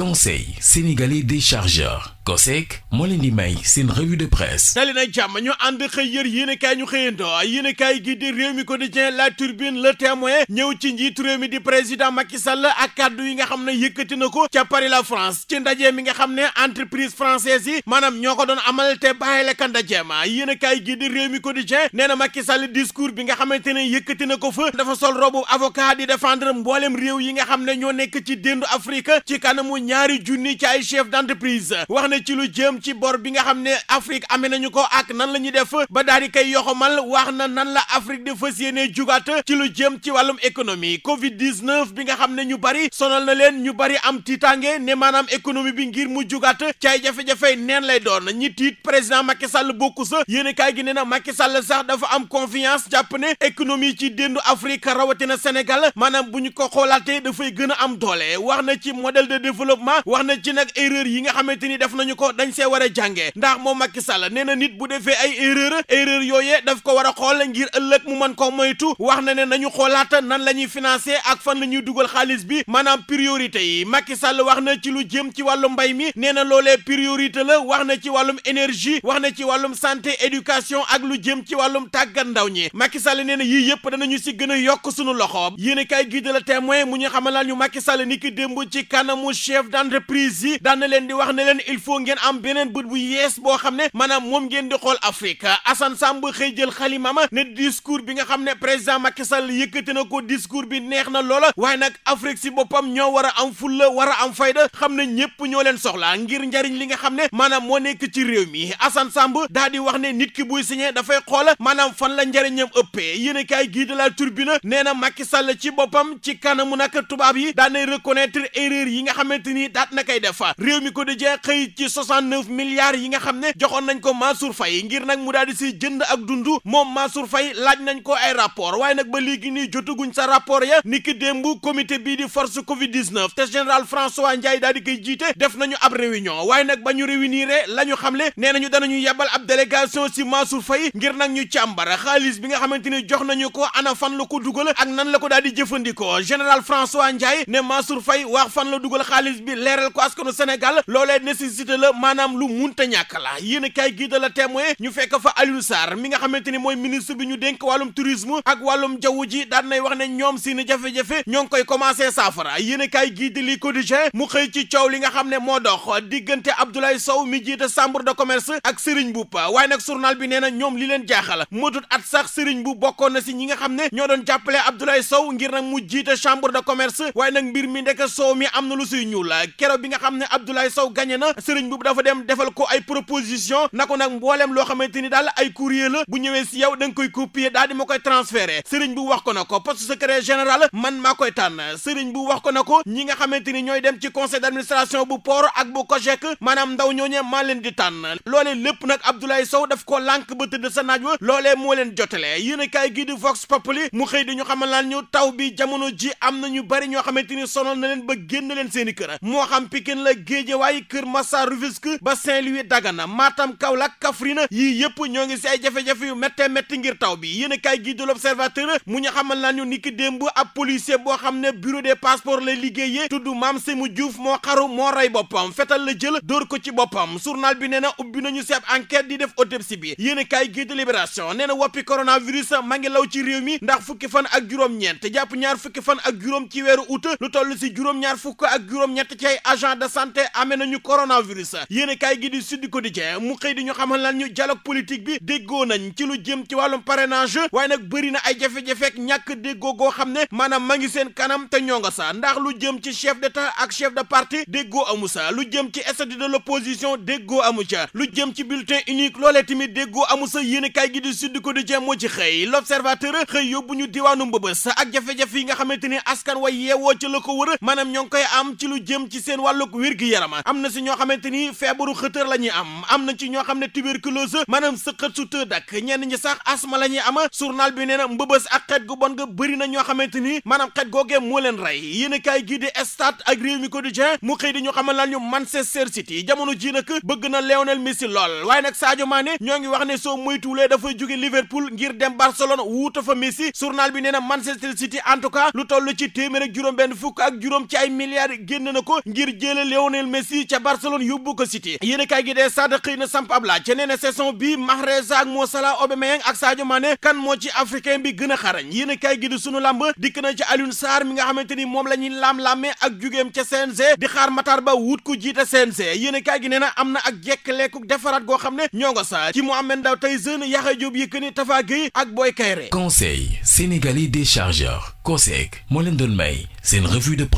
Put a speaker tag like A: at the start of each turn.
A: conseil sénégalais des chargeurs COSEC moo leen di may seen revue de presse dali jàmm ñu ànd xëy yër yéenekaay ñu xëyando yéenekaay gi di réew mi quotidien la turbine le témoin ñëw ci njiitu réew mi di président Macky Sall ak kàddu yi nga xam ne yëkkati na ko ca Paris la France ci ndaje mi nga xam ne entreprise française yi maanaam ñoo ko doon amal te bàyyi la ka ndajeema yéenekaay gi di réew mi quotidien nee na Macky Sall bi nga xamante ne yëkkati na ko fa dafa yi nga xam ñaari junni ci ay chef d'entreprise wax na ci lu jëm ci bor bi nga xam ne Afrique amee nañu ko ak nan la ñuy def ba daal di koy yoxamal wax na nan la Afrique di fas yéene jugaat ci lu jëm ci wàllum économie Covid 19 bi nga xam ne ñu bari sonal na leen ñu bari am tiitaange ne maanaam économie bi ngir mu jugaat ci ay jafe-jafe neen lay doon ñi tiit président Macky Sall bokku sa yéene kaay gi nee na Macky Sall sax dafa am confiance jàpp ne économie ci déndu Afrique rawatina Sénégal maanaam bu ñu ko xoolaatee dafay gën a am doole wax na ci modèle de développement. développement wax na ci nag erreur yi nga xamante ni def nañu ko dañ see war a jàngee ndax moom Macky Sall nee na nit bu defee ay erreur erreur yooyee daf ko war a xool ngir ëllëg mu man ko moytu wax na ne nañu xoolaata nan la ñuy financer ak fan la ñuy dugal xaalis bi maanaam priorité yi Macky Sall wax na ci lu jëm ci wàllu mbay mi nee na loolee priorité la wax na ci wàllum énergie wax na ci wàllum santé éducation ak lu jëm ci wàllum tàggat ndaw ñi Macky Sall nee na yii yëpp danañu si gën a yokk sunu loxo yéen kaay gi de la témoin mu ñu xamalal ñu Macky Sall ni ki démb ci kanamu chef chef d'entreprise yi daan leen di wax ne leen il faut ngeen am beneen bët bu yees boo xam ne maanaam moom ngeen di xool Afrique Assane Samb xëy jël xalimama ne discours bi nga xam ne président Macky Sall yëkkati na ko discours bi neex na loola waaye nag Afrique si boppam ñoo war a am fulla war a am fayda xam ne ñëpp ñoo leen soxla ngir njariñ li nga xam ne maanaam moo nekk ci réew mi Assane Samb daa di wax ne nit ki buy signé dafay xool maanaam fan la njariñam ëppee yéen kaay gii de la turbine nee na Macky Sall ci boppam ci kanamu nag tubaab yi yi nga xamante xamante ni daat na koy def réew mi ko di jeex ci 69 yi nga xam ne joxoon nañ ko Mansour Faye ngir nag mu daal di si jënd ak dund moom Mansour Faye laaj nañ ko ay rapport waaye nag ba léegi nii jotaguñ sa rapport ya ni démb comité bii di force Covid 19 te général François Ndiaye daal di koy jiite def nañu ab réunion waaye nag ba ñu réunir la ñu xamle nee nañu danañu yebal ab délégation si Mansour Faye ngir nag ñu càmbara xaalis bi nga xamante ni jox nañu ko ana la ko dugal ak la ko daal di jëfandikoo général François Ndiaye ne Mansour Faye wax fan la dugal xaalis justice bi leeral ko askanu Sénégal loolee nécessité la maanaam lu munta ñàkk la yéen a kaay gii da la témoin ñu fekk fa Aliou Sarr mi nga xamante ni mooy ministre bi ñu dénk wàllum tourisme ak wàllum jaww ji daan nay wax ne ñoom seeni jafe-jafe ñoo ngi koy commencé saafara yéen a kaay gii di li Quotidien mu xëy ci coow li nga xam ne moo dox diggante Abdoulaye Sow mi jiite chambre de commerce ak Serigne Mboup waaye nag journal bi nee na ñoom li leen jaaxal matut at sax Serigne Mboup bokkoon na si ñi nga xam ne ñoo doon jàppale Abdoulaye Sow ngir nag mu jiite chambre de commerce waaye nag mbir mi ndeke Sow mi am na lu suy ñuul la keroog bi nga xam ne Abdoulaye Sow gagné na sëriñ bu dafa dem defal ko ay proposition na ko nag mbooleem loo xamante ni daal ay courrier la bu ñëwee si yow da nga koy copier daal di ma koy transféré sëriñ bu wax ko na ko poste secrétaire général man maa koy tànn sëriñ bu wax ko na ko ñi nga xamante ni ñooy dem ci conseil d'administration bu port ak bu COJEC maanaam ndaw ñooñu maa leen di tànn loolee lépp nag Abdoulaye Sow daf ko lànk ba tëdd sa naaj wa loolee moo leen jotale yéen gii di Vox Populi mu xëy di ñu xamal laan ñu taw bi jamono ji am na bari ñoo xamante ni sonal na leen ba génn leen seeni kër moo xam Pikine la géej waaye Kër Massar Rufisque ba li louis Dagana maatam Matam Kaolack Kaffrine yii yëpp ñoo ngi si ay jafe-jafe yu méttee métti ngir taw bi yéen a kaay gi de l'Observateur mu ñu xamal naa ñu niki démb ab policier boo xam ne bureau des passeports lay liggéeyee tudd Mame mu Diouf moo xaru moo rey boppam fetal la jël dóor ko ci boppam journal bi nee na ubbi nañu seeb enquête di def autopsie bi yéen a kaay gi de Libération nee na woppi coronavirus ma ngi law ci réew mi ndax fukki fan ak juróom jàpp ñaar fukki fan ak juróom ci weeru août toll si juróom-ñaar fukk ak juróom ñàkk ci agent de santé amee nañu coronavirus yéen kaay gi di Sud Quotidien mu xëy di ñu xamal lan ñu dialogue politique bi déggoo nañ ci lu jëm ci wàllum parrainage waaye nag bëri na ay jafe-jafeek ñàkk déggoo goo xam ne maanaam ma ngi seen kanam te ñoo nga sa ndax lu jëm ci chef d'état ak chef de parti déggoo amu sa lu jëm ci statut de l'opposition déggoo amu ca lu jëm ci bulletin unique loole tamit déggoo amu sa yéen kaay gi di Sud Quotidien moo ci xëy l'observateur xëy yóbbu ñu diwaanu mbëbës ak jafe-jafe yi nga xamante ni askan way yeewoo ci la ko wër maanaam ñoo ngi koy am ci lu jëm jëm ci seen wàllug wér gi am na si ñoo xamante ni feebaru xëtër la ñuy am am na ci ñoo xam ne tuberculose maanaam sëqët su tëdd ak ñenn ñi sax asma la ñuy am journal bi nee mbëbës ak xet gu bon nga bëri na ñoo xamante ni maanaam xet googee moo leen rey yéen a kaay gii di stade ak réew mi quotidien mu xëy di ñu xamal lan ñu Manchester City jamono ji nag bëgg na Lionel Messi lool waaye nag Sadio Mané ñoo ngi wax ne soo moytuwulee dafay jóge Liverpool bi nee na Manchester City en tout cas lu toll ci téeméer ak benn fukk ak juróom ay milliards génn na ko ko ngir jële Lionel Messi ca Barcelone yóbbu ko City yéen a kaay gi dee Stades xëy na samp ab laaj ca nee na saison bi Mahrez ak Mo Salah Aubameyang ak Sadio Mané kan moo ci africain bi gën a xarañ yéen a gi di sunu làmb dikk na ci Alioune Sarr mi nga xamante ni moom la ñuy lam-lamme ak jugeem ca CNG di xaar Matar Ba wut ku jiite CNG yéen a kaay gi nee na am na ak jekk lekku defaraat goo xam ne ñoo ngo sa ci Mohamed Ndao Tyson Yaxya Diop Yékini Tapha Gueye ak Boy Kayré Conseil sénégalais des chargeurs COSEC moo leen doon may seen revue de